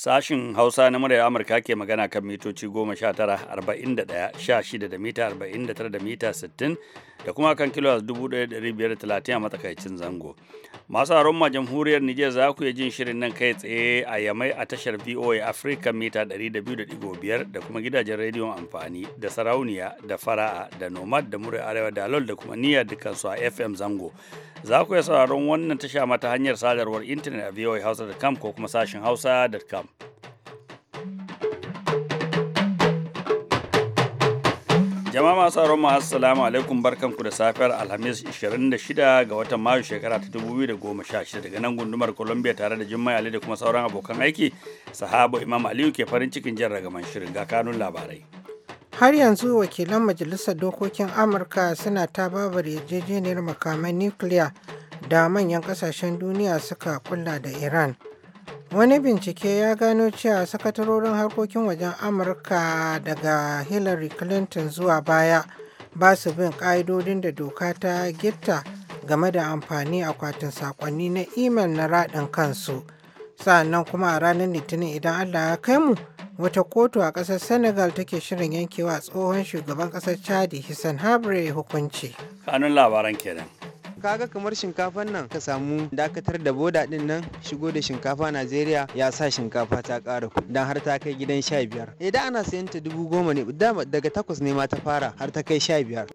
Sashin Hausa na muryar Amurka ke magana kan mitoci 19-41-16 da mita 49 da mita 60 da kuma kan kilo 1530 a matsakaicin zango. Masu aron ma jamhuriyar Nijar za ku iya jin shirin nan kai tsaye a yamai a tashar VOA Africa mita 200.5 da kuma gidajen rediyon amfani da sarauniya da fara'a da nomad da murai arewa da lol da kuma niyyar kansu a FM zango. Za ku iya sauraron wannan tasha mata hanyar sadarwar intanet a voahausa.com ko kuma sashin hausa.com. Jama'a masu aron mu salamu alaikum barkanku da safiyar Alhamis 26 ga watan Mayu shekara ta 2016 daga nan gundumar Columbia tare da jimmai Ali da kuma sauran abokan aiki sahabo Imam Aliyu ke farin cikin jin ragaman shirin ga kanun labarai. Har yanzu wakilan Majalisar Dokokin Amurka suna ta babar yarjejeniyar makaman nukiliya da manyan kasashen duniya suka kula da Iran. Wani bincike ya gano cewa sakatarorin harkokin wajen Amurka daga Hillary Clinton zuwa baya ba su bin ƙa'idodin da doka ta gitta game da amfani akwatin saƙonni na imel na raɗin kansu. sannan kuma a ranar Litinin idan Allah ya kai mu wata kotu a ƙasar Senegal take shirin yankewa tsohon shugaban ƙasar Chadi Hissan Habre hukunci. Kanun labaran kenan. kaga kamar shinkafan nan ka samu dakatar da boda din nan shigo da shinkafa najeriya ya sa shinkafa ta ƙara ku. dan har ta kai gidan sha biyar idan ana sayan ta dubu goma ne daga takwas ne ma ta fara har ta kai sha biyar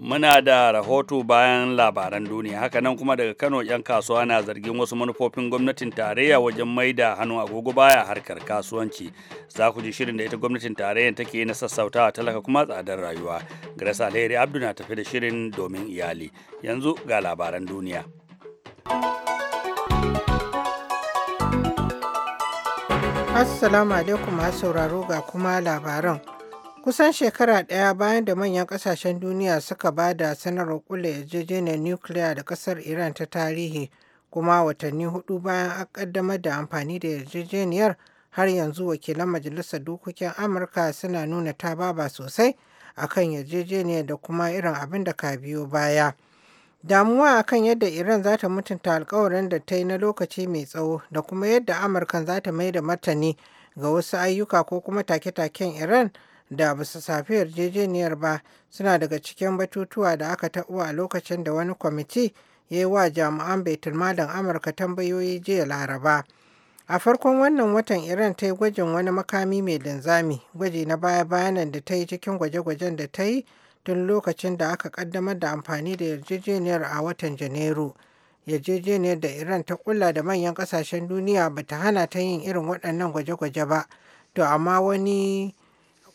muna da rahoto bayan labaran duniya haka nan kuma daga kano 'yan kasuwa na zargin wasu manufofin gwamnatin tarayya wajen mai da hannu agogo baya harkar kasuwanci za ku ji shirin da ita gwamnatin tarayya take na sassautawa talaka kuma tsadar rayuwa grace alheri abdu na tafi da shirin domin iyali yanzu ga labaran duniya. Assalamu alaikum masu sauraro ga kuma labaran. Kusan shekara ɗaya bayan da manyan ƙasashen duniya suka ba da sanarwar kula yarjejeniyar nukiliya da ƙasar Iran ta tarihi, kuma watanni hudu bayan an ƙaddamar da amfani da yarjejeniyar har yanzu wakilan Majalisar Dokokin Amurka suna nuna tababa sosai akan yarjejeniyar da kuma irin abin da ka biyo baya. Damuwa akan yadda Iran za ta mutunta alkawarin da ta yi na lokaci mai tsawo da kuma yadda Amurka za ta mai da martani ga wasu ayyuka ko kuma take-taken Iran da ba su safi yarjejeniyar ba suna daga cikin batutuwa da aka taɓo a lokacin da wani kwamiti ya yi wa jami'an baitulmalin Amurka tambayoyi jiya Laraba. A farkon wannan watan Iran ta yi gwajin wani makami mai linzami, gwaji na baya-bayanan da ta yi cikin gwaje-gwajen da ta yi tun lokacin da aka kaddamar da amfani da yarjejeniyar a watan Janairu. Yarjejeniyar da Iran ta kulla da manyan kasashen duniya ba ta hana ta yin irin waɗannan gwaje-gwaje ba, to amma wani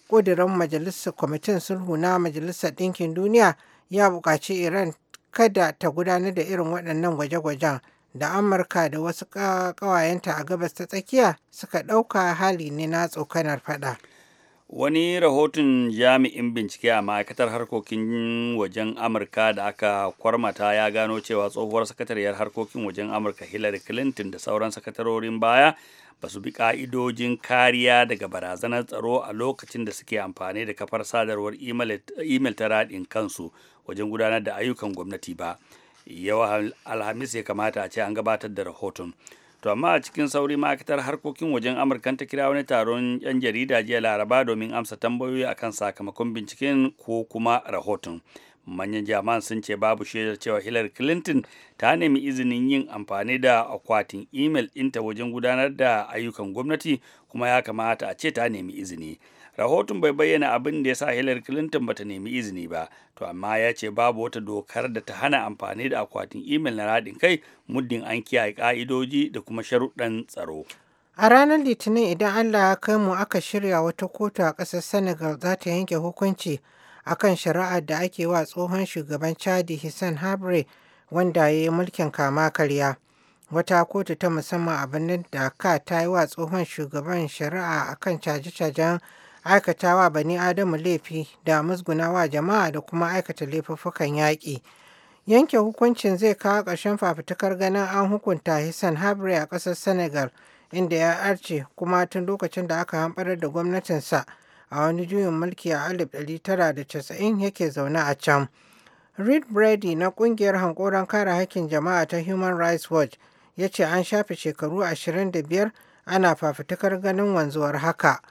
ƙudurin majalisar kwamitin sulhu na majalisar ɗinkin duniya ya buƙaci Iran kada ta gudanar da irin waɗannan gwaje-gwajen da Amurka da wasu ƙawayenta a gabas ta tsakiya suka ɗauka hali ne na tsokanar faɗa. wani rahoton jami'in bincike a ma'aikatar harkokin wajen amurka da aka kwarmata ya gano cewa tsohuwar sakatariyar harkokin wajen amurka hillary clinton da sauran sakatarorin baya ba su bi ka'idojin kariya daga barazanar tsaro a lokacin da suke amfani da kafar sadarwar imel ta raɗin kansu wajen gudanar da ayyukan gwamnati ba yawa alhamis ya kamata a ce an gabatar da rahoton to amma a cikin sauri ma'aikatar harkokin wajen amurkan ta kira wani taron yan jarida jiya laraba domin amsa tambayoyi akan sakamakon binciken ko kuma rahoton manyan jami'an sun ce babu shaidar cewa hillary clinton ta nemi izinin yin amfani da akwatin imel ɗinta wajen gudanar da ayyukan gwamnati kuma ya kamata a ce ta nemi izini rahoton bai bayyana abin da ya sa hillary clinton bata nemi izini ba to amma ya ce babu wata dokar da ta hana amfani da akwatin imel na radin kai muddin an kiyaye ka'idoji da kuma sharuɗan tsaro a ranar litinin idan allah ya kai mu aka shirya wata kotu a ƙasar senegal za ta yanke hukunci akan shari'ar da ake wa tsohon shugaban chadi Hissan habre wanda ya yi mulkin kama karya wata kotu ta musamman a birnin da ka ta yi wa tsohon shugaban shari'a akan caje-cajen wa bani Adamu laifi da wa jama'a da kuma aikata laifuffukan yaƙi. Yanke hukuncin zai kawo ƙarshen fafutukar ganin an hukunta Hissan Habre a ƙasar Senegal inda ya arce kuma tun lokacin da aka hamɓarar da gwamnatinsa a wani juyin mulki a 1990 yake zaune a can. Reed Brady na ƙungiyar hankoron kare haƙƙin jama'a ta Human Rights Watch ya ce an shafe shekaru 25 ana fafutukar ganin wanzuwar haka.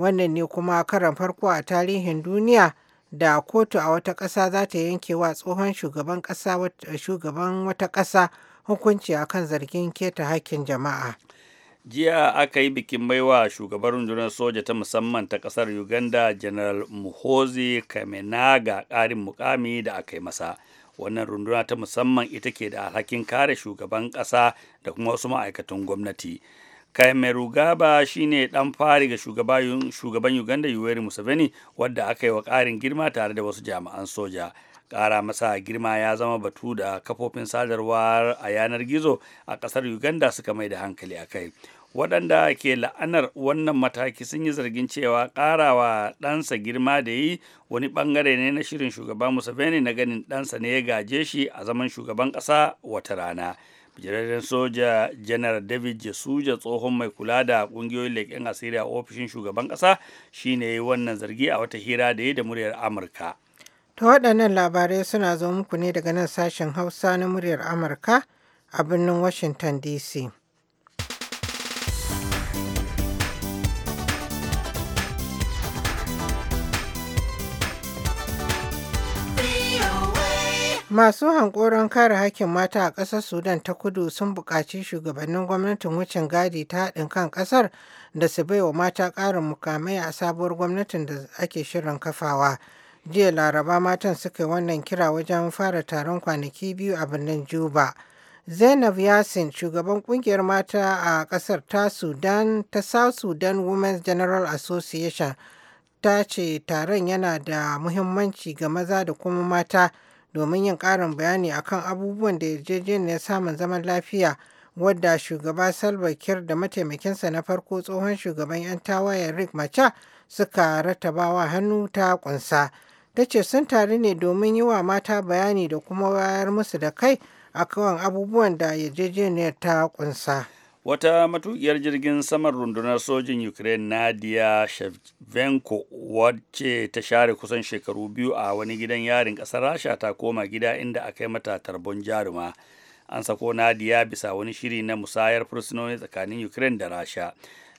wannan ne kuma karan farko a tarihin duniya da kotu a wata ƙasa za ta yanke wa tsohon shugaban ƙasa shugaban wata ƙasa hukunci a kan zargin keta hakkin jama'a jiya aka yi bikin baiwa shugaban rundunar soja ta musamman ta ƙasar uganda general muhozi kamenaga ƙarin mukami da aka yi masa wannan runduna ta musamman ita ke da alhakin kare shugaban ƙasa da kuma wasu ma'aikatan gwamnati Kaimerugaba shine ɗan fari ga shugaban Uganda Yoweri Museveni wadda aka yi wa ƙarin girma tare da wasu jami'an soja. Ƙara masa girma ya zama batu da kafofin sadarwa a yanar gizo a ƙasar Uganda suka mai da hankali a kai. Waɗanda ke la'anar wannan mataki sun yi zargin cewa ƙarawa ɗansa girma da yi wani ɓangare ne na shirin shugaban Museveni na ganin ɗansa ne ya gaje shi a zaman shugaban ƙasa wata rana. jiraren soja janar david jesuja tsohon mai kula da kungiyoyin leƙen asiri a ofishin shugaban ƙasa shine wannan zargi a wata hira da ya da muryar amurka ta waɗannan labarai suna zo muku ne daga nan sashen hausa na muryar amurka a birnin washington dc Masu hankoron kare hakkin mata a ƙasar Sudan ta kudu sun buƙaci shugabannin gwamnatin wucin gadi ta haɗin kan ƙasar da su bai wa mata ƙarin mukamai a sabuwar gwamnatin da ake shirin kafawa. Jiya Laraba matan suka yi wannan kira wajen fara taron kwanaki biyu a birnin Juba. Zainab Yasin, shugaban ƙungiyar mata a ƙasar ta Sudan ta South Sudan Women's General Association, ta ce taron yana da muhimmanci ga maza da kuma mata. domin yin ƙarin bayani akan abubuwan da yarjejeniyar samun zaman lafiya wadda shugaba Salva Kiir da mataimakinsa na farko tsohon shugaban 'yan tawayen Rick Macha suka rattabawa hannu ta kunsa. Ta ce sun taru ne domin yi wa mata bayani da kuma wayar musu da kai a kawan abubuwan da yarjejeniyar ta kunsa. wata matukiyar jirgin saman rundunar sojin ukraine nadia shevchenko wacce ta share kusan shekaru biyu a wani gidan yarin ƙasar rasha ta koma gida inda aka yi mata tarbon jaruma an sako nadia bisa wani shiri na musayar fursunoni tsakanin ukraine da rasha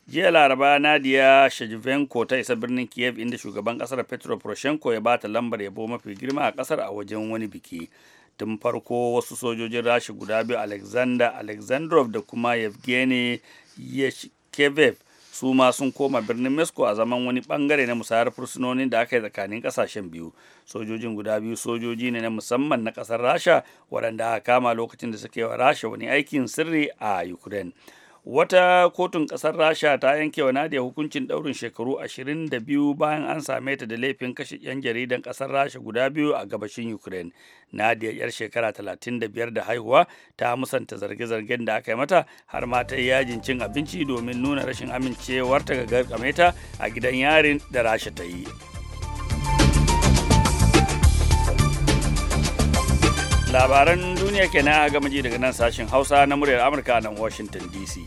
jiya laraba nadia shevchenko ta isa birnin kiev inda shugaban ƙasar petro poroshenko ya bata lambar yabo mafi girma a ƙasar a wajen wani biki tun farko wasu sojojin rashi guda biyu alexander alexandrov da kuma yevgeny yashkevev su ma sun koma birnin Moscow a zaman wani bangare na musayar fursunonin da aka yi tsakanin kasashen biyu sojojin guda biyu sojoji ne na musamman na kasar rasha waɗanda aka kama lokacin da suke wa rasha wani aikin sirri a ukraine wata kotun ƙasar rasha ta yanke wa nadia hukuncin ɗaurin shekaru 22 bayan an same ta da laifin kashe 'yan jaridan ƙasar rasha guda biyu a gabashin ukraine nadia yar shekara 35 da haihuwa ta musanta zarge-zargen da aka yi mata har ma ta yajin cin abinci domin nuna rashin amincewarta ga garkame a gidan yarin da rasha ta yi labaran duniya kenan a gama ji daga nan sashen Hausa na muryar Amurka nan Washington DC.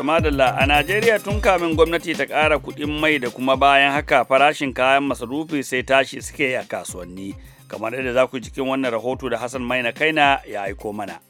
madalla a Najeriya tun kamin gwamnati ta kara kudin mai da kuma bayan haka farashin kayan masarufi sai tashi suke a kasuwanni kamar yadda za ku cikin wannan rahoto da Hassan Maina Kaina ya aiko mana.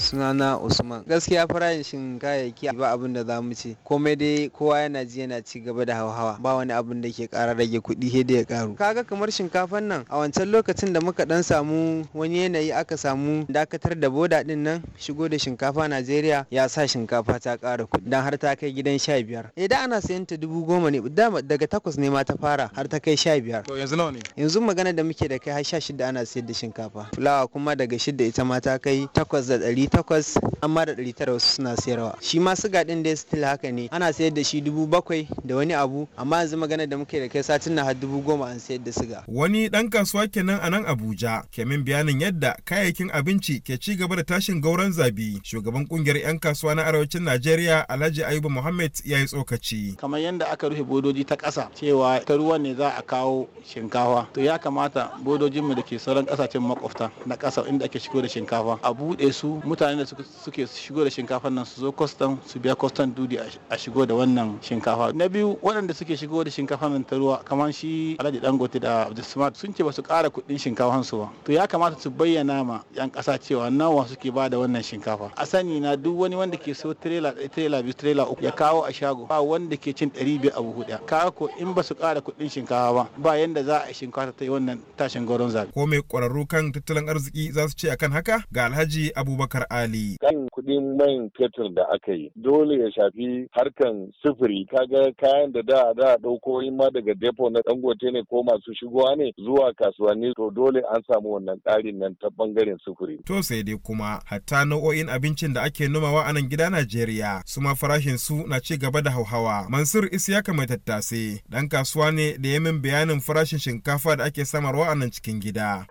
sunana usman gaskiya farayin shin kayayyaki ba abin da mu ce komai dai kowa yana ji yana ci gaba da hauhawa ba wani abin da ke kara rage kuɗi he da ya karu kaga kamar shinkafan nan a wancan lokacin da muka dan samu wani yanayi aka samu dakatar da boda din nan shigo da shinkafa najeriya ya sa shinkafa ta kara kuɗi dan har ta kai gidan sha biyar idan eh, ana sayan ta dubu goma ne daga takwas ne ma ta fara har ta kai sha biyar yanzu nawa ne yanzu magana da muke da kai har sha shida ana sayar da shinkafa fulawa kuma daga shida ita ma ta kai takwas da ɗari 800 amma da ɗari tara wasu suna sayarwa shi ma siga ɗin dai still haka ne ana sayar da shi dubu bakwai da wani abu amma yanzu magana da muke da kai satin na har dubu goma an sayar da siga. wani dan kasuwa kenan a nan abuja kemin bayanin yadda kayayyakin abinci ke ci gaba da tashin gauran zabi shugaban kungiyar 'yan kasuwa na arewacin najeriya alhaji ayuba muhammad ya yi tsokaci. kamar yadda aka rufe bodoji ta ƙasa cewa ta ruwan ne za a kawo shinkafa to ya kamata bodojinmu da ke sauran ƙasashen makwabta na ƙasa inda ake shigo da shinkafa a buɗe su mutane da suke shigo da shinkafa nan su zo kwastam su biya kwastam dudi a shigo da wannan shinkafa na biyu waɗanda suke shigo da shinkafa nan ta ruwa kamar shi alhaji dangote da abdulsamad sun ce ba su kara kuɗin shinkafan su ba to ya kamata su bayyana ma yan ƙasa cewa nawa suke ba da wannan shinkafa a sani na duk wani wanda ke so tirela ɗaya biyu tirela uku ya kawo a shago ba wanda ke cin ɗari biyu abu huɗu kawo ko in ba su ƙara kuɗin shinkafa ba ba yanda za a shinkafa ta yi wannan tashin goron zabe. ko mai ƙwararru kan tattalin arziki za su ce akan haka ga alhaji abubakar Abubakar Ali. Kan kuɗin man fetur da aka yi dole ya shafi harkan sufuri kaga kayan da da a ɗauko in ma daga depo na dangote ne ko masu shigowa ne zuwa kasuwanni to dole an samu wannan tsarin nan ta bangaren sufuri. To sai dai kuma hatta nau'o'in abincin da ake nomawa a nan gida Najeriya su ma farashin su na ci gaba da hauhawa. Mansur Isiyaka mai tattase dan kasuwa ne da ya min bayanin farashin shinkafa da ake samarwa a nan cikin gida.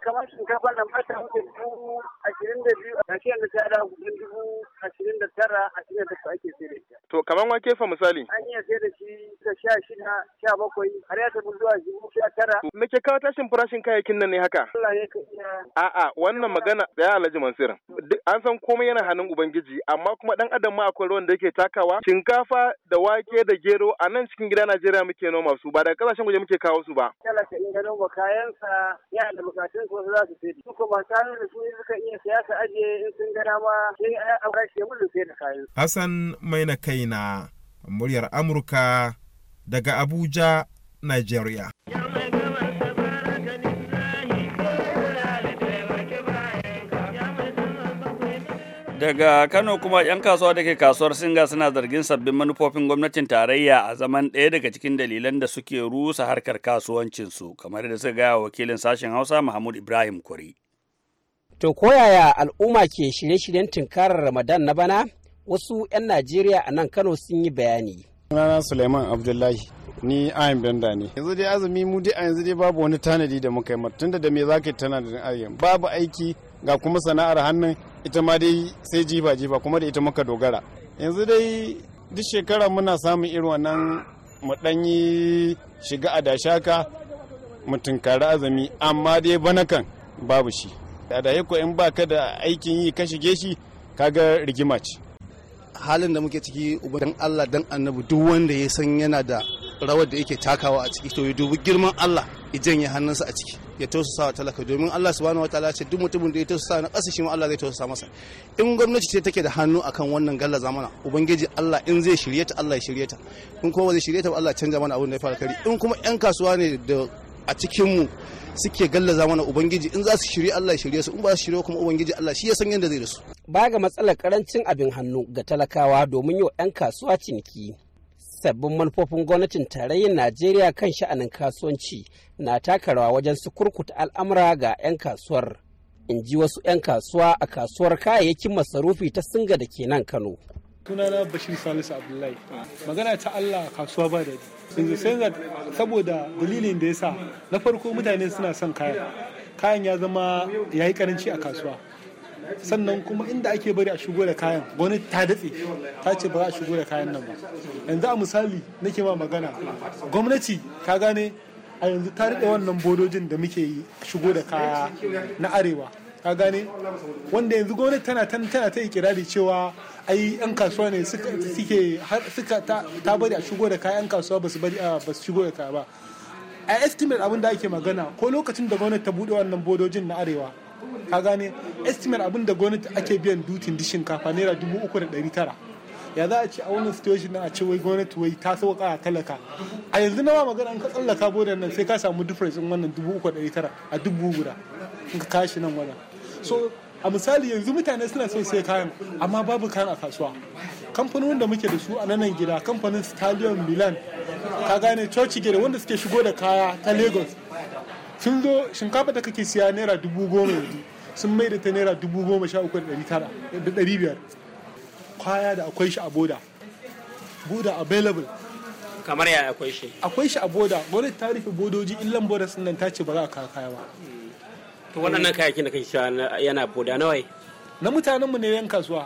那现在开了五分之五。ashirin da tara ashirin da takwas ake sai da shi. To kamar wake fa misali? An iya sai da shi ta sha shida sha bakwai har ya tafi zuwa shi sha tara. Me ke kawo tashin farashin kayayyakin nan ne haka? Allah ya ka iya. A'a wannan magana ya Alhaji Mansur. an san komai yana hannun Ubangiji amma kuma dan adam ma akwai ruwan da yake takawa. Shinkafa da wake da gero a nan cikin gida Najeriya muke noma su ba daga kasashen waje muke kawo su ba. ka in ganin ba sa ya da bukatun su za su sai. Su kuma tare da su suka iya siyasa ajiye in sun gana ma sai a Hassan mai sai da kayan. Hassan Maina Kaina, muryar Amurka daga Abuja, Nigeria. daga kano kuma 'yan kasuwa da ke kasuwar singa suna zargin sabbin manufofin gwamnatin tarayya a zaman ɗaya daga cikin dalilan da suke rusa harkar kasuwancinsu kamar da suka gaya wa wakilin sashen hausa mahmud ibrahim kuri To koyaya al'umma ke shirye-shiryen tunkarar Ramadan na bana? Wasu 'yan Najeriya a nan Kano sun yi bayani. Sunana Suleiman Abdullahi ni ayin benda ne. Yanzu dai azumi mu dai a yanzu dai babu wani tanadi da muka yi tunda da me za ka tana da ayyan babu aiki ga kuma sana'ar hannun ita ma dai sai jifa jifa kuma da ita muka dogara. Yanzu dai duk shekara muna samun irin wannan mu dan yi shiga a dashaka mu tunkari azumi amma dai bana kan babu shi. da yako in ba ka da aikin yi ka shige shi kaga rigima ce halin da muke ciki uban Allah dan annabi duk wanda ya san yana da rawar da yake takawa a ciki to ya dubi girman Allah ya janye hannunsa a ciki ya tausasa wa talaka domin Allah subhanahu wataala ce duk mutumin da ya tausasa na ƙasa shi ma Allah zai tausasa masa in gwamnati ce take da hannu akan wannan galla zamana ubangiji Allah in zai shirye ta Allah ya shirye ta in kuma ba zai shirye ta ba Allah canja mana abin da ya fara kari in kuma yan kasuwa ne da a cikinmu suke gallaza mana ubangiji in za su shirya Allah shirye su in ba su shirye kuma ubangiji Allah shi ya san yadda zai da su ba ga matsalar karancin abin hannu ga talakawa domin yau 'yan kasuwa ciniki sabbin manufofin gwamnatin tarayyar najeriya kan sha'anin kasuwanci na taka rawa wajen su kurkuta al'amura ga 'yan kasuwar in ji wasu 'yan kasuwa a kasuwar kayayyakin masarufi ta singa da ke nan kano sunana bashir salisu abdullahi magana ta allah kasuwa ba daɗi yanzu sai saboda dalilin da ya sa na farko mutane suna son kayan kayan ya zama ya yi karanci a kasuwa sannan kuma inda ake bari a shigo da kayan gwamnati ta datse ta ce ba a shigo da kayan nan ba yanzu a misali nake ma magana gwamnati ta gane a yanzu ta riɗe wannan bodojin da muke yi shigo da kaya na arewa ka gane wanda yanzu gwamnati tana tana ta ikirari cewa ai yan kasuwa ne suke har suka ta bari a shigo da kayan kasuwa ba su bari a ba su shigo da kaya ba a estimate abin da ake magana ko lokacin da gwamnati ta bude wannan bodojin na arewa ka gane estimate abin da gwamnati ake biyan dutin di shinkafa naira dubu uku da ɗari tara ya za a ce a wannan situation na a ce wai gwamnati wai ta sauka a talaka a yanzu na ma magana an ka tsallaka bodan nan sai ka samu difference in wannan dubu uku da ɗari tara a dubu guda in ka kashi nan wannan so a misali yanzu mutane suna son sai kayan amma babu kayan a kasuwa kamfanin da muke da su a nan gida kamfanin stadium milan ka gane coci gida wanda suke shigo da kaya ta lagos sun zo shinkafa da kake siya naira dubu goma yanzu sun mai da ta naira dubu goma sha uku da ɗari biyar kwaya da akwai shi a boda boda available kamar ya akwai shi akwai shi a boda gwamnati ta rufe bodoji illan boda sun nan ta ce ba za a kawo kaya ba to waɗannan kayayyakin da kake sha yana boda nawa na mutanenmu ne yan kasuwa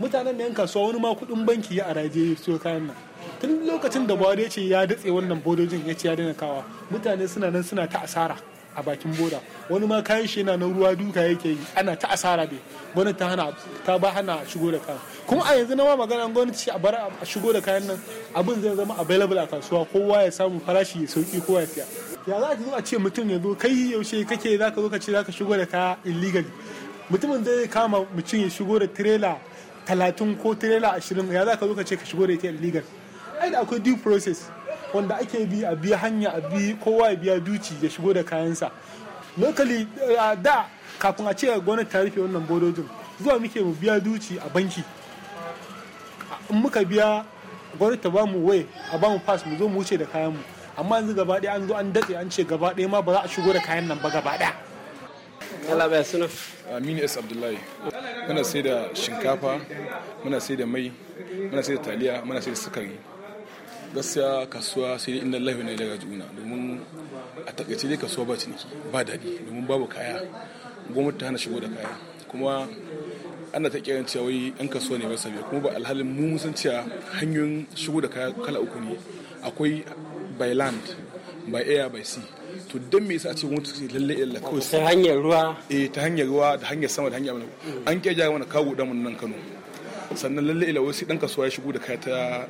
mutanen da yan kasuwa wani ma kuɗin banki ya araje su kayan nan tun lokacin da bawari ya ce ya datse wannan bodojin ya ce ya daina kawa mutane suna nan suna ta asara a bakin boda wani ma kayan shi yana na ruwa duka yake yi ana ta asara dai gwamnati ta hana ta ba hana shigo da kayan kuma a yanzu na ma magana gwamnati a bar a shigo da kayan nan abin zai zama available a kasuwa kowa ya samu farashi ya sauki kowa ya siya ya za ka zo a ce mutum ya zo kai yaushe kake za ka zo ka ce za ka shigo da kaya illegal mutumin zai kama mutum ya shigo da trela talatin ko trela ashirin ya za ka zo ka ce ka shigo da ita illegal ai da akwai due process wanda ake bi a biya hanya a bi kowa ya biya duci ya shigo da kayansa locally da kafin a ce gwamnati ta rufe wannan bodojin zuwa muke mu biya duci a banki in muka biya gwamnati ta bamu mu a ba mu pass mu zo mu wuce da kayanmu. mu amma yanzu gaba ɗaya an zo an datse an ce gaba ɗaya ma ba za a shigo da kayan nan ba gaba ɗaya Allah bai suna amini S Abdullahi muna sai da shinkafa muna sai da mai muna sai da taliya muna sai da sukari gaskiya kasuwa sai dai inna na ne daga juna domin a takaice dai kasuwa ba ciniki ba daɗi domin babu kaya gwamnati ta hana shigo da kaya kuma ana ta kiran cewa wai yan kasuwa ne bai kuma ba alhalin mu san cewa hanyoyin shigo da kaya kala uku ne akwai by land by air by sea to dan me yasa a ce mun ce lalle illa kawai sai hanyar ruwa eh ta hanyar ruwa da hanyar sama da hanyar an ke jawo mana kawo da mun nan Kano sannan lalle illa wasu dan kasuwa ya shigo da kaya ta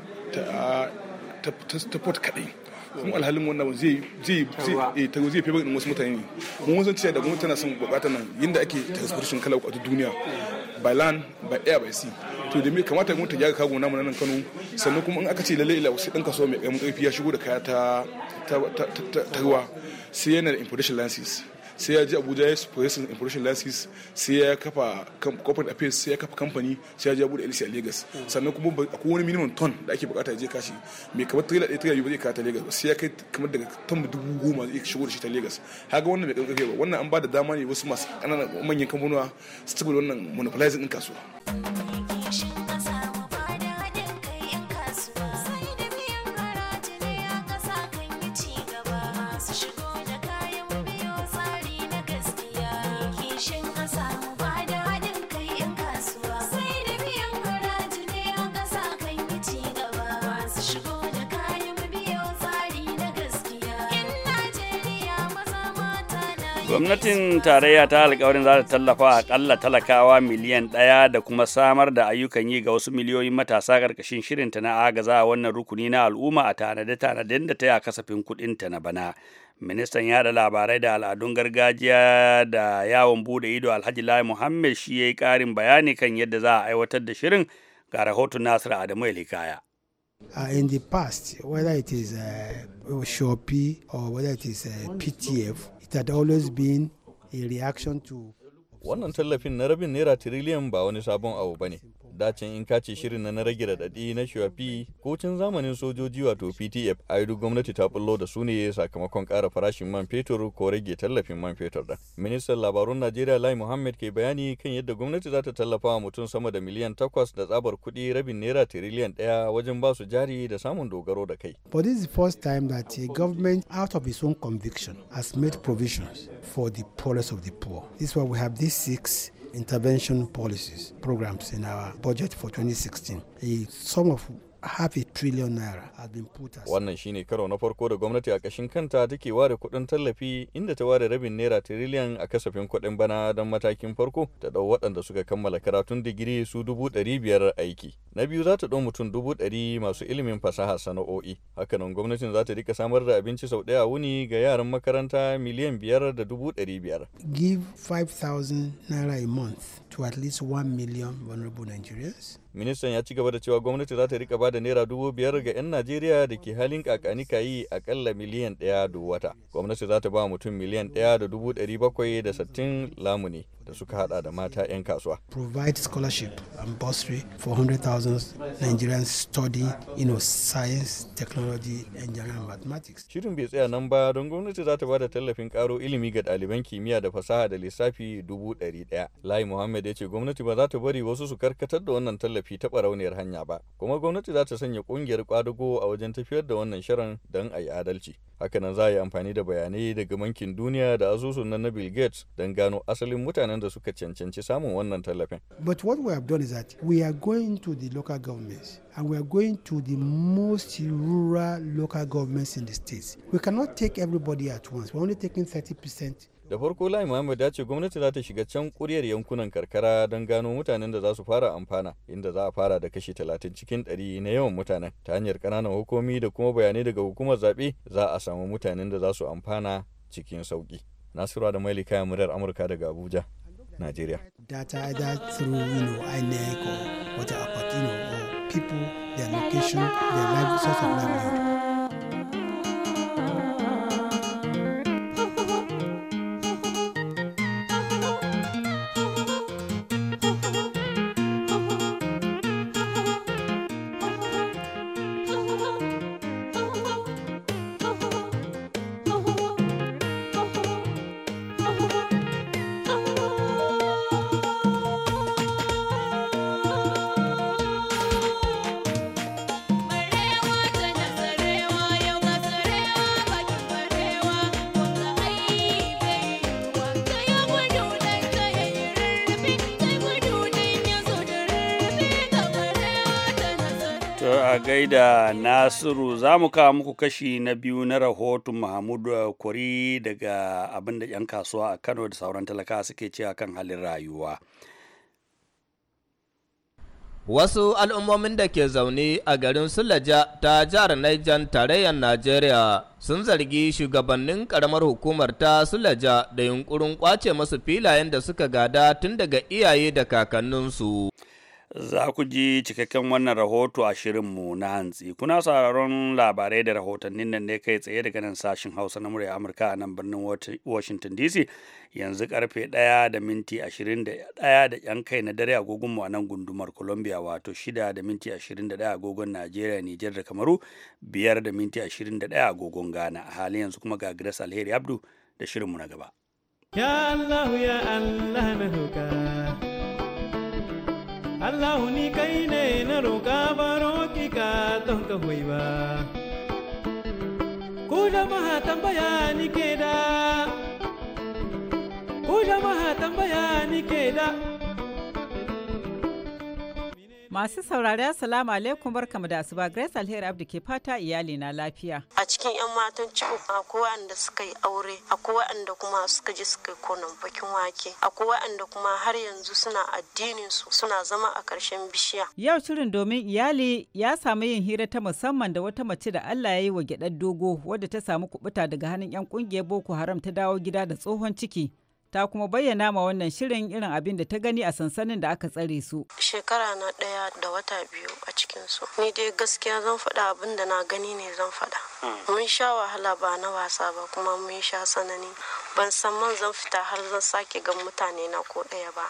ta ta port kadai kuma alhalin wannan zai zai zai ta zai fi eh, wasu mutane ne mun san cewa da gwamnati tana son bukatar nan yinda ake transportation kala a duniya by land by air by sea to da me kamata mu ta jaga kago namu nan Kano sannan kuma in aka ce lalle ila wasu dan kaso mai karfi ya shigo da kaya ta ta ruwa sai yana da importation license sai ya je abuja ya processing importation license sai ya kafa corporate affairs sai ya kafa kamfani sai ya je abuja lc a lagos sannan kuma akwai wani minimum ton da ake bukata ya je kashi mai kamar trailer ɗaya trailer ba zai kata legas lagos sai ya kai kamar daga ton dubu goma zai shigo da shi ta lagos haka wannan bai kankan ba wannan an ba da dama ne wasu masu ƙananan manyan kamfanuwa su da wannan monopolizing ɗin kasuwa. Gwamnatin tarayya ta alkawarin za ta tallafa akalla talakawa miliyan ɗaya da kuma samar da ayyukan yi ga wasu miliyoyin matasa ƙarƙashin shirinta na agaza wannan rukuni na al'umma a tanade-tanaden da ta yi a kasafin kuɗinta na bana. Ministan yada labarai da al'adun gargajiya da yawon bude ido Alhaji Lai Muhammad shi ya yi ƙarin bayani kan yadda za a aiwatar da shirin ga rahoton nasiru Adamu Elikaya. Uh, in the past, whether it is uh, Shopee or whether it is uh, PTF, that always been a reaction to wannan tallafin na rabin naira tiriliyan ba wani sabon abu ba ne dacin in kace shirin na na rage radadi na ko kocin zamanin sojoji wato ptf aidu gwamnati ta bullo da su ne sakamakon ƙara farashin man fetur ko rage tallafin man fetur da ministan labarun najeriya lai muhammad ke bayani kan yadda gwamnati za ta tallafa wa mutum sama da miliyan takwas da tsabar kuɗi rabin naira tiriliyan ɗaya wajen ba su jari da samun dogaro da kai for this the first time that a government out of its own conviction has made provisions for the poorest of the poor this is why we have these six intervention policies programs in our budget for 2016. Some of half a trillion naira has been put aside. Wannan shine karo na farko da gwamnati a kashin kanta take ware kuɗin tallafi inda ta ware rabin naira trillion a kasafin kuɗin bana don matakin farko ta ɗau waɗanda suka kammala karatun digiri su dubu ɗari biyar aiki. Na biyu za ta ɗau mutum dubu ɗari masu ilimin fasaha sana'o'i. Hakanan gwamnatin za ta rika samar da abinci sau ɗaya wuni ga yaran makaranta miliyan biyar da dubu ɗari biyar. Give 5,000 naira a month to at least 1 million vulnerable Nigerians. Ministan ya ci gaba da cewa gwamnati za ta rika bada naira dubu biyar ga 'yan Najeriya da ke halin kakani kayi akalla miliyan ɗaya da wata. Gwamnati za ta ba mutum miliyan ɗaya da dubu ɗari bakwai da sattin lamuni da suka hada da mata 'yan kasuwa. Provide scholarship and bursary for 100,000 Nigerians study you know, science, technology, engineering and mathematics. Shirin bai tsaya nan ba don gwamnati za ta ba da tallafin karo ilimi ga ɗaliban kimiyya da fasaha da lissafi dubu ɗari ɗaya. Lai Muhammad ya ce gwamnati ba za ta bari wasu su karkatar da wannan tallafin tallafi ta barauniyar hanya ba kuma gwamnati za ta sanya kungiyar kwadugo a wajen tafiyar da wannan shirin don a yi adalci hakanan za a yi amfani da bayanai daga bankin duniya da asusun na bill gates don gano asalin mutanen da suka cancanci samun wannan tallafin but what we have done is that we are going to the local governments and we are going to the most rural local governments in the states we cannot take everybody at once we're only taking 30 da farko lai muhammad ya ce gwamnati za ta shiga can kuryar yankunan karkara don gano mutanen da za su fara amfana inda za a fara da kashi talatin cikin ɗari na yawan mutanen ta hanyar kananan hukumi da kuma bayanai daga hukumar zaɓe za a samu mutanen da za su amfana cikin sauƙi nasiru da ya kayan muryar amurka daga abuja nigeria data people, their location, their life, source of livelihood. gaida Nasiru za mu kawo muku kashi na biyu na rahoton Mahmudu eh, Kuri daga abin da 'yan kasuwa a Kano da sauran talaka suke cewa kan halin rayuwa. Wasu al'ummomin da ke zaune a garin Sulaja ta jihar Niger tarayyar Najeriya sun zargi shugabannin ƙaramar hukumar ta Sulaja da yunkurin ƙwace masu filayen da suka gada tun daga iyaye da kakanninsu. za ku ji cikakken wannan rahoto a shirinmu na hantsi kuna sauraron labarai da rahotannin nan ne kai tsaye daga nan sashin hausa na murya amurka a nan birnin washington dc yanzu karfe 1 da minti 21 da yan kai na dare agogon mu a nan gundumar columbia wato 6 da minti 21 agogon nigeria nijar da kamaru 5 da minti 21 agogon ghana a halin yanzu kuma ga grace alheri abdu da shirinmu na gaba ya allah ya allah na roka Allah ni kai ne na roƙa baro ki ka don ka hoyi ba. Ku jama'a tambaya ni ke da, ku jama'a tambaya ni ke da. Masu saurari salamu alaikum barkamu da asuba Grace Alheri Abdi ke fata iyali na lafiya. A cikin 'yan matan cikin akwai waɗanda suka yi aure, akwai waɗanda kuma suka je suka yi konan bakin wake, akwai waɗanda kuma har yanzu suna addinin su suna zama a ƙarshen bishiya. Yau shirin domin iyali ya samu yin hira ta musamman da wata mace da Allah ya yi wa gyaɗar dogo wadda ta samu kubuta daga hannun 'yan ƙungiyar Boko Haram ta dawo gida da tsohon ciki. ta kuma bayyana ma wannan shirin irin abin da ta gani a sansanin da aka tsare su. Shekara na ɗaya da wata biyu a cikin su. Ni dai gaskiya zan faɗa abin da na gani ne zan faɗa. Mun sha wahala ba na wasa ba kuma mun sha sanani. Ban san man zan fita har zan sake gan mutane na ko ɗaya ba.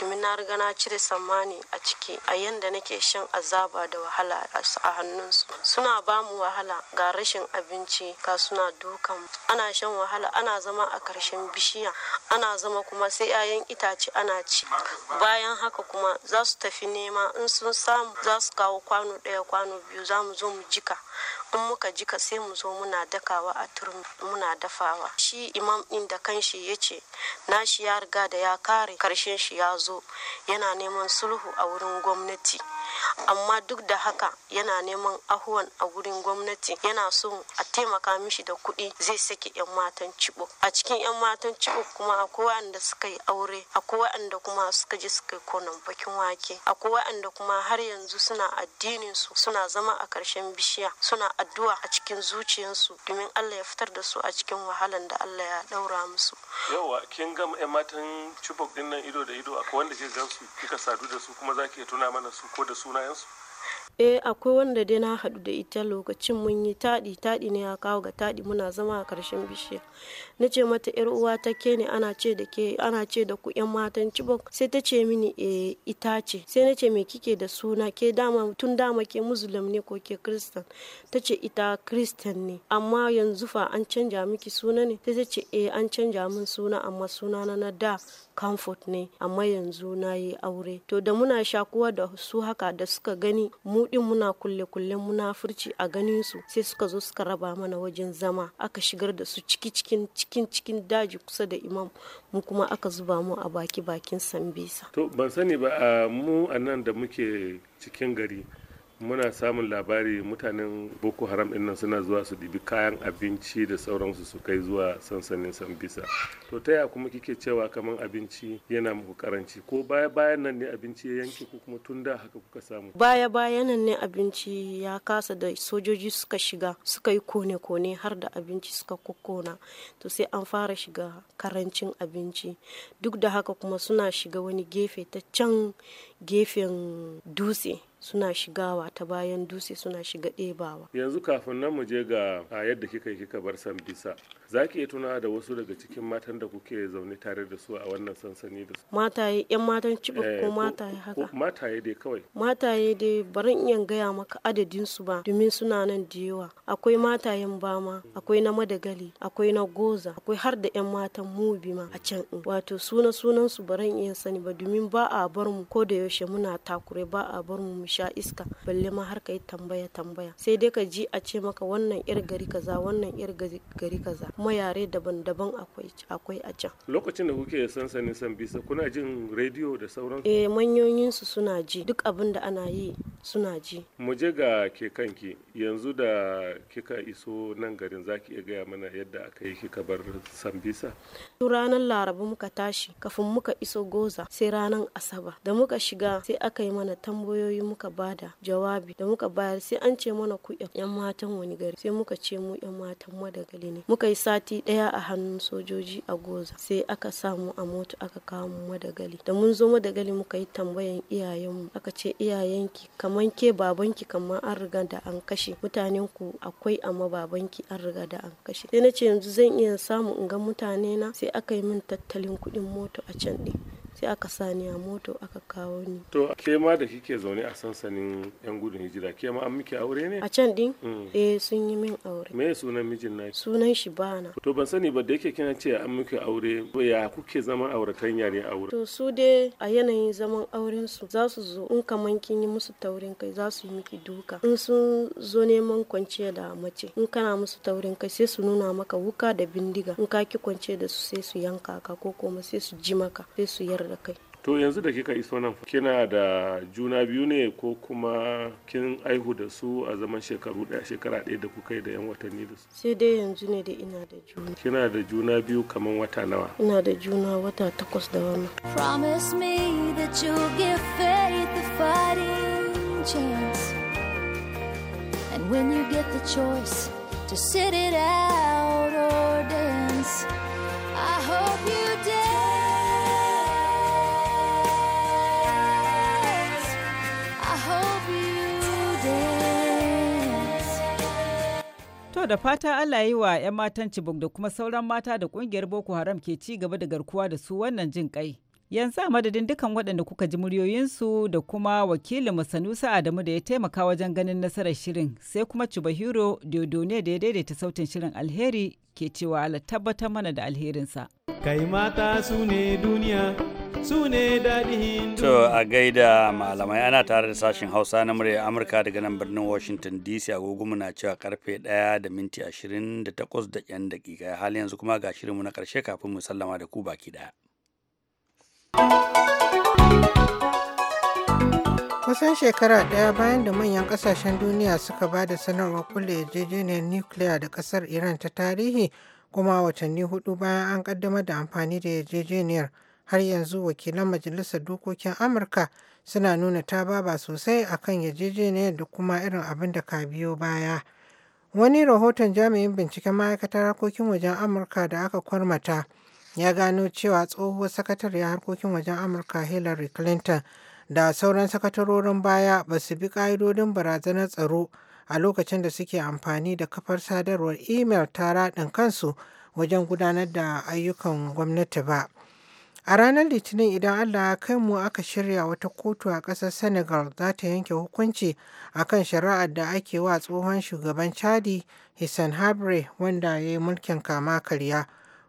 domin na riga na cire tsammani a ciki a yanda nake shan azaba da wahala a hannunsu suna ba mu wahala ga rashin abinci ga suna dukan ana shan wahala ana zama a karshen bishiya ana zama kuma sai 'ya'yan itace ana ci bayan haka kuma za su tafi nema in sun samu za su kawo kwano ɗaya kwano biyu za mu zo mu jika in muka jika sai mu zo muna dakawa a turmi muna dafawa shi imam din da kanshi ya ce na shi ya riga da ya kare karshen shi ya zo yana neman sulhu a wurin gwamnati amma duk da haka yana neman ahuwan a wurin gwamnati yana so a taimaka mishi da kuɗi zai sake 'yan matan cibo a cikin 'yan matan cibo kuma akwai wanda suka yi aure akwai wanda kuma suka je suka yi konan bakin wake akwai wanda kuma har yanzu suna addinin su suna zama a karshen bishiya suna addu'a a cikin zuciyarsu domin Allah ya fitar da su a cikin wahalan da Allah ya daura musu yawa kin ga ƴan matan Chibok dinnan ido da ido akwai wanda ke gansu kika sadu da su kuma za zaki tuna mana su ko da sunayensu eh akwai wanda dai na haɗu da ita lokacin mun yi taɗi taɗi ne ya kawo ga taɗi muna zama a ƙarshen bishiya na ce mata yar uwa ta ke ne ana ce da ke ana ce da ku yan matan cibok sai ta ce mini eh ita ce sai na ce me kike da suna ke dama tun dama ke musulum ne ko ke kristan ta ce ita kristan ne amma yanzu fa an canja miki suna ne sai ta ce eh an canja min suna amma suna na da comfort ne amma yanzu na yi aure to da muna shakuwa da su haka da suka gani mu din muna kulle kulle muna furci a ganin su sai suka zo suka raba mana wajen zama aka shigar da su ciki cikin cikin cikin daji kusa da imam mu kuma aka zuba mu a baki bakin sambisa to ban sani ba mu a nan da muke cikin gari muna samun labari mutanen boko haram din nan suna zuwa su dibi kayan abinci da sauransu su kai zuwa sansanin sambisa to ta ya kuma kike cewa kamar abinci yana muku karanci ko baya bayan nan ne abinci ya yanke ku kuma tun da haka kuka samu baya bayan nan ne abinci ya kasa da sojoji suka shiga suka yi kone kone har da abinci suka kokona to sai an fara shiga karancin abinci duk da haka kuma suna shiga wani gefe ta can gefen dutse suna shigawa ta bayan dutse suna shiga ɗebawa yanzu kafin nan mu je ga a yadda kika yi kika bar san bisa za ki iya tuna da wasu daga cikin matan da kuke zaune tare da su a wannan sansani da su mataye yan matan cibin eh, ko mataye haka mataye dai kawai mataye dai barin iya gaya maka adadin su ba domin suna nan da yawa akwai matayen bama akwai na madagali akwai na goza akwai har da yan matan mubi ma a can in. wato suna sunan su baran iya sani ba domin ba a bar mu ko da yaushe muna takure ba a bar mu mu sha iska balle ma har ka yi tambaya tambaya sai dai ka ji a ce maka wannan ir gari kaza wannan ir gari kaza kuma yare daban-daban akwai a can lokacin da kuke sansanin san bisa kuna jin rediyo da sauran eh manyoyin su suna ji duk abin da ana yi suna ji mu je ga ke kanki yanzu da kika iso nan garin zaki iya gaya mana yadda aka yi kika bar sambisa ranar laraba muka tashi kafin muka iso goza sai ranar asaba da muka shiga sai aka yi mana tambayoyi muka muka bada jawabi da muka bayar sai an ce mana ku yan matan wani gari sai muka ce mu yan matan madagali ne muka yi sati daya a hannun sojoji a goza sai aka samu a mota aka kawo mu madagali da mun zo madagali muka yi tambayan iyayenmu aka ce iyayenki kaman ke babanki kaman an riga da an kashe mutanen ku akwai amma babanki an riga da an kashe sai na ce yanzu zan iya samu in ga mutane na sai aka yi min tattalin kuɗin mota a can ɗin sai aka sani a moto aka kawo ni to ke ma da kike zaune a sansanin yan gudun hijira ke ma an miki aure ne a can din mm. eh sun yi min aure me sunan mijin na sunan shi bana to ban sani ba da yake kina ce an miki aure ko ya kuke zama ya ne aure to su dai a yanayin zaman auren su za su zo in kaman kin yi musu taurin kai za su yi miki duka in sun zo neman kwanciya da mace in kana musu taurin kai sai su nuna maka wuka da bindiga in ka ki kwance da su sai su yanka ka ko kuma sai su ji maka sai su yarda tare da kai to yanzu da kika iso nan kina da juna biyu ne ko kuma kin aihu da su a zaman shekaru daya shekara ɗaya da kuka yi da yan watanni da su sai dai yanzu ne da ina da juna kina da juna biyu kamar wata nawa ina da juna wata takwas da wani promise me that you'll give faith the fighting chance and when you get the choice to sit it out da fata Allah yi wa 'yan matan cibok da kuma sauran mata da kungiyar Boko Haram ke ci gaba da garkuwa da su wannan jin kai. Yanzu a madadin dukan waɗanda kuka ji muryoyinsu da kuma wakilin Sanusa Adamu da ya taimaka wajen ganin nasarar shirin sai kuma dodo ne da ya daidaita sautin shirin alheri ke cewa Ala tabbatar mana da alherinsa. Kai mata su ne duniya su ne daɗin To a gaida malamai ana tare da sashen Hausa na murya Amurka daga nan birnin Washington DC agogo na cewa karfe 1 da minti 28 da 'yan dakika halin yanzu kuma ga shirinmu na ƙarshe kafin mu sallama da ku baki ɗaya. Kusan shekara ɗaya bayan da manyan ƙasashen duniya suka ba da sanarwar kulle yarjejeniyar nukiliya da ƙasar Iran ta tarihi kuma watanni hudu bayan an ƙaddamar da amfani da yarjejeniyar. har yanzu wakilan majalisar dokokin amurka suna nuna tababa sosai a akan yarjejeniyar da kuma irin abin da ka biyo baya wani rahoton jami'in binciken ma'aikatar harkokin wajen amurka da aka kwarmata ya gano cewa tsohuwar sakatariyar harkokin wajen amurka hillary clinton da sauran sakatarorin baya ba su bi ƙa'idodin barazanar tsaro a lokacin da suke amfani da kafar sadarwar imel ta raɗin kansu wajen gudanar da ayyukan gwamnati ba A ranar Litinin idan Allah ya kai mu aka shirya wata kotu a ƙasar Senegal za ta yanke hukunci a kan shari'ar da ake wa tsohon shugaban Chadi Hissan Habre wanda ya yi mulkin kama karya.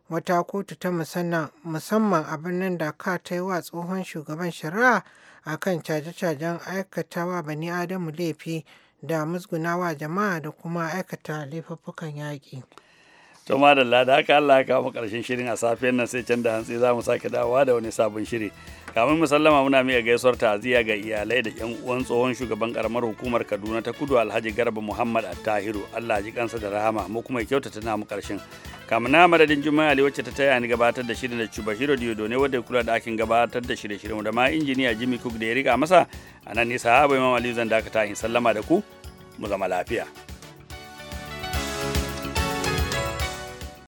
Wata kotu ta musamman a birnin Dakar ta yi wa tsohon shugaban shari'a kan caje-cajen aikatawa bani Adamu laifi da musgunawa jama'a da kuma aikata laifuffukan yaƙi. to da da haka Allah ya kawo mu karshen shirin a safiyar nan sai can da hantsi za mu sake dawowa da wani sabon shiri Kamun mu sallama muna miƙa gaisuwar ta'aziyya ga iyalai da yan uwan tsohon shugaban karamar hukumar Kaduna ta Kudu Alhaji Garba Muhammad Attahiru Allah ji kansa da rahama mu kuma kyautata namu karshen kamin na madadin Juma'a Ali wacce ta taya ni gabatar da shirin da Chubahiro Diodo ne wanda kula da akin gabatar da shirye-shiryen da ma injiniya Jimmy Cook da ya riga masa a nan ne sahaba Imam Aliyu zan dakata in sallama da ku mu zama lafiya